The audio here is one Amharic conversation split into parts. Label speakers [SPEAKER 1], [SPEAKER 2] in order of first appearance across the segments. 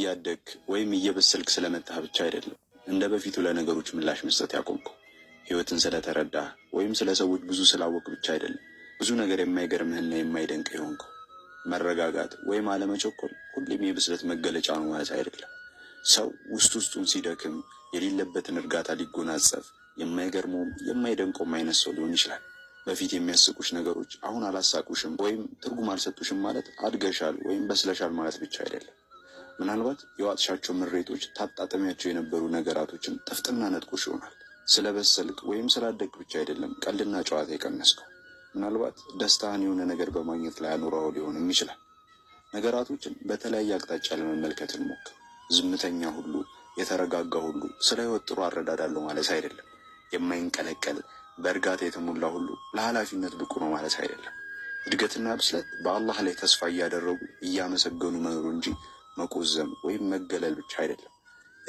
[SPEAKER 1] እያደግ ወይም እየበሰልክ ስለመጣህ ብቻ አይደለም እንደ በፊቱ ለነገሮች ምላሽ መስጠት ያቆምከው። ህይወትን ስለተረዳ ወይም ስለ ሰዎች ብዙ ስላወቅ ብቻ አይደለም ብዙ ነገር የማይገርምህና የማይደንቅ የሆንከው። መረጋጋት ወይም አለመቸኮል ሁሌም የብስለት መገለጫ ነው ማለት አይደለም። ሰው ውስጥ ውስጡን ሲደክም የሌለበትን እርጋታ ሊጎናጸፍ የማይገርመውም የማይደንቀውም አይነት ሰው ሊሆን ይችላል። በፊት የሚያስቁሽ ነገሮች አሁን አላሳቁሽም ወይም ትርጉም አልሰጡሽም ማለት አድገሻል ወይም በስለሻል ማለት ብቻ አይደለም። ምናልባት የዋጥሻቸው ምሬቶች ታጣጠሚያቸው የነበሩ ነገራቶችን ጥፍጥና ነጥቆሽ ይሆናል። ስለ ወይም ስላደግ ብቻ አይደለም ቀልድና ጨዋታ የቀነስከው። ምናልባት ደስታህን የሆነ ነገር በማግኘት ላይ አኑረው ሊሆንም ይችላል። ነገራቶችን በተለያየ አቅጣጫ ለመመልከት ሞክር። ዝምተኛ ሁሉ የተረጋጋ ሁሉ ስለ ህይወት ጥሩ አረዳዳለሁ ማለት አይደለም። የማይንቀለቀል በእርጋታ የተሞላ ሁሉ ለኃላፊነት ብቁ ነው ማለት አይደለም። እድገትና ብስለት በአላህ ላይ ተስፋ እያደረጉ እያመሰገኑ መኖሩ እንጂ መቆዘም ወይም መገለል ብቻ አይደለም።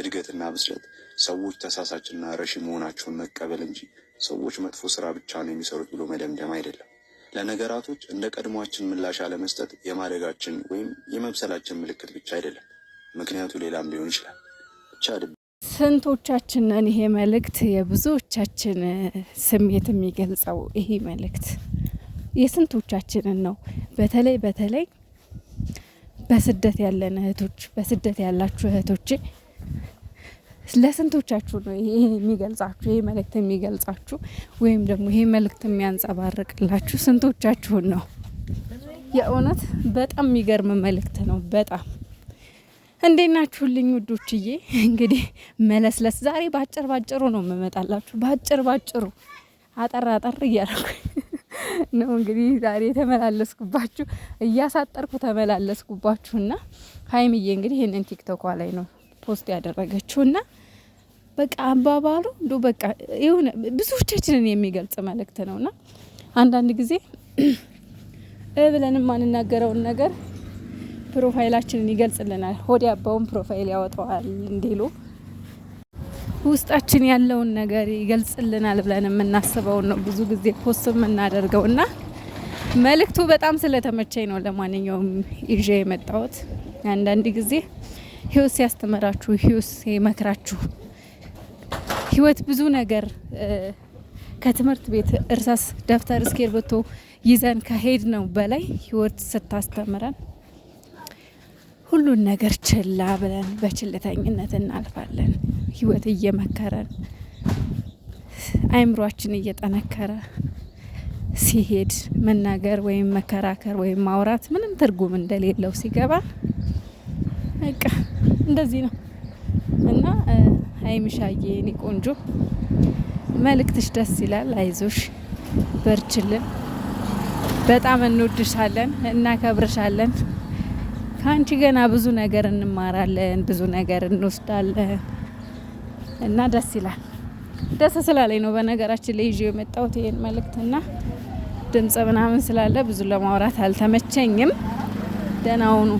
[SPEAKER 1] እድገትና ብስለት ሰዎች ተሳሳችና ረሺ መሆናቸውን መቀበል እንጂ ሰዎች መጥፎ ስራ ብቻ ነው የሚሰሩት ብሎ መደምደም አይደለም። ለነገራቶች እንደ ቀድሟችን ምላሽ አለመስጠት የማደጋችን ወይም የመብሰላችን ምልክት ብቻ አይደለም። ምክንያቱ ሌላም ሊሆን ይችላል። ብቻ
[SPEAKER 2] ስንቶቻችንን ይሄ መልእክት የብዙዎቻችን ስሜት የሚገልጸው ይሄ መልእክት የስንቶቻችንን ነው? በተለይ በተለይ በስደት ያለን እህቶች፣ በስደት ያላችሁ እህቶቼ ለስንቶቻችሁ ነው ይሄ የሚገልጻችሁ? ይሄ መልእክት የሚገልጻችሁ ወይም ደግሞ ይሄ መልእክት የሚያንጸባርቅላችሁ ስንቶቻችሁን ነው? የእውነት በጣም የሚገርም መልእክት ነው። በጣም እንዴት ናችሁልኝ ውዶችዬ? እንግዲህ መለስለስ ዛሬ ባጭር ባጭሩ ነው የምመጣላችሁ። ባጭር ባጭሩ አጠር አጠር እያረኩኝ ነው እንግዲህ ዛሬ የተመላለስኩባችሁ እያሳጠርኩ ተመላለስኩባችሁና ሀይምዬ እንግዲህ ይህንን ቲክቶኳ ላይ ነው ፖስት ያደረገችውና በቃ አባባሉ እንዶ በቃ የሆነ ብዙዎቻችንን የሚገልጽ መልእክት ነውና አንዳንድ ጊዜ እ ብለን የማንናገረውን ነገር ፕሮፋይላችንን ይገልጽልናል። ሆዲ አባውን ፕሮፋይል ያወጣዋል እንዲሉ ውስጣችን ያለውን ነገር ይገልጽልናል ብለን የምናስበውን ነው ብዙ ጊዜ ፖስት የምናደርገው እና መልእክቱ በጣም ስለተመቸኝ ነው። ለማንኛውም ይዤ የመጣሁት አንዳንድ ጊዜ ህይወት ሲያስተምራችሁ፣ ህይወት ሲመክራችሁ፣ ህይወት ብዙ ነገር ከትምህርት ቤት እርሳስ፣ ደብተር፣ እስክርቢቶ ይዘን ከሄድ ነው በላይ ህይወት ስታስተምረን ሁሉን ነገር ችላ ብለን በችልተኝነት እናልፋለን። ህይወት እየመከረን አይምሯችን እየጠነከረ ሲሄድ መናገር ወይም መከራከር ወይም ማውራት ምንም ትርጉም እንደሌለው ሲገባ በቃ እንደዚህ ነው እና ሀይሚሻዬ የኔ ቆንጆ መልእክትሽ ደስ ይላል። አይዞሽ፣ በርችልን። በጣም እንወድሻለን፣ እናከብርሻለን። ከአንቺ ገና ብዙ ነገር እንማራለን፣ ብዙ ነገር እንወስዳለን እና ደስ ይላል። ደስ ስላለኝ ነው በነገራችን ላይ ይዤው የመጣሁት ይሄን መልእክትና ድምጽ ምናምን ስላለ ብዙ ለማውራት አልተመቸኝም። ደህና ሁኑ።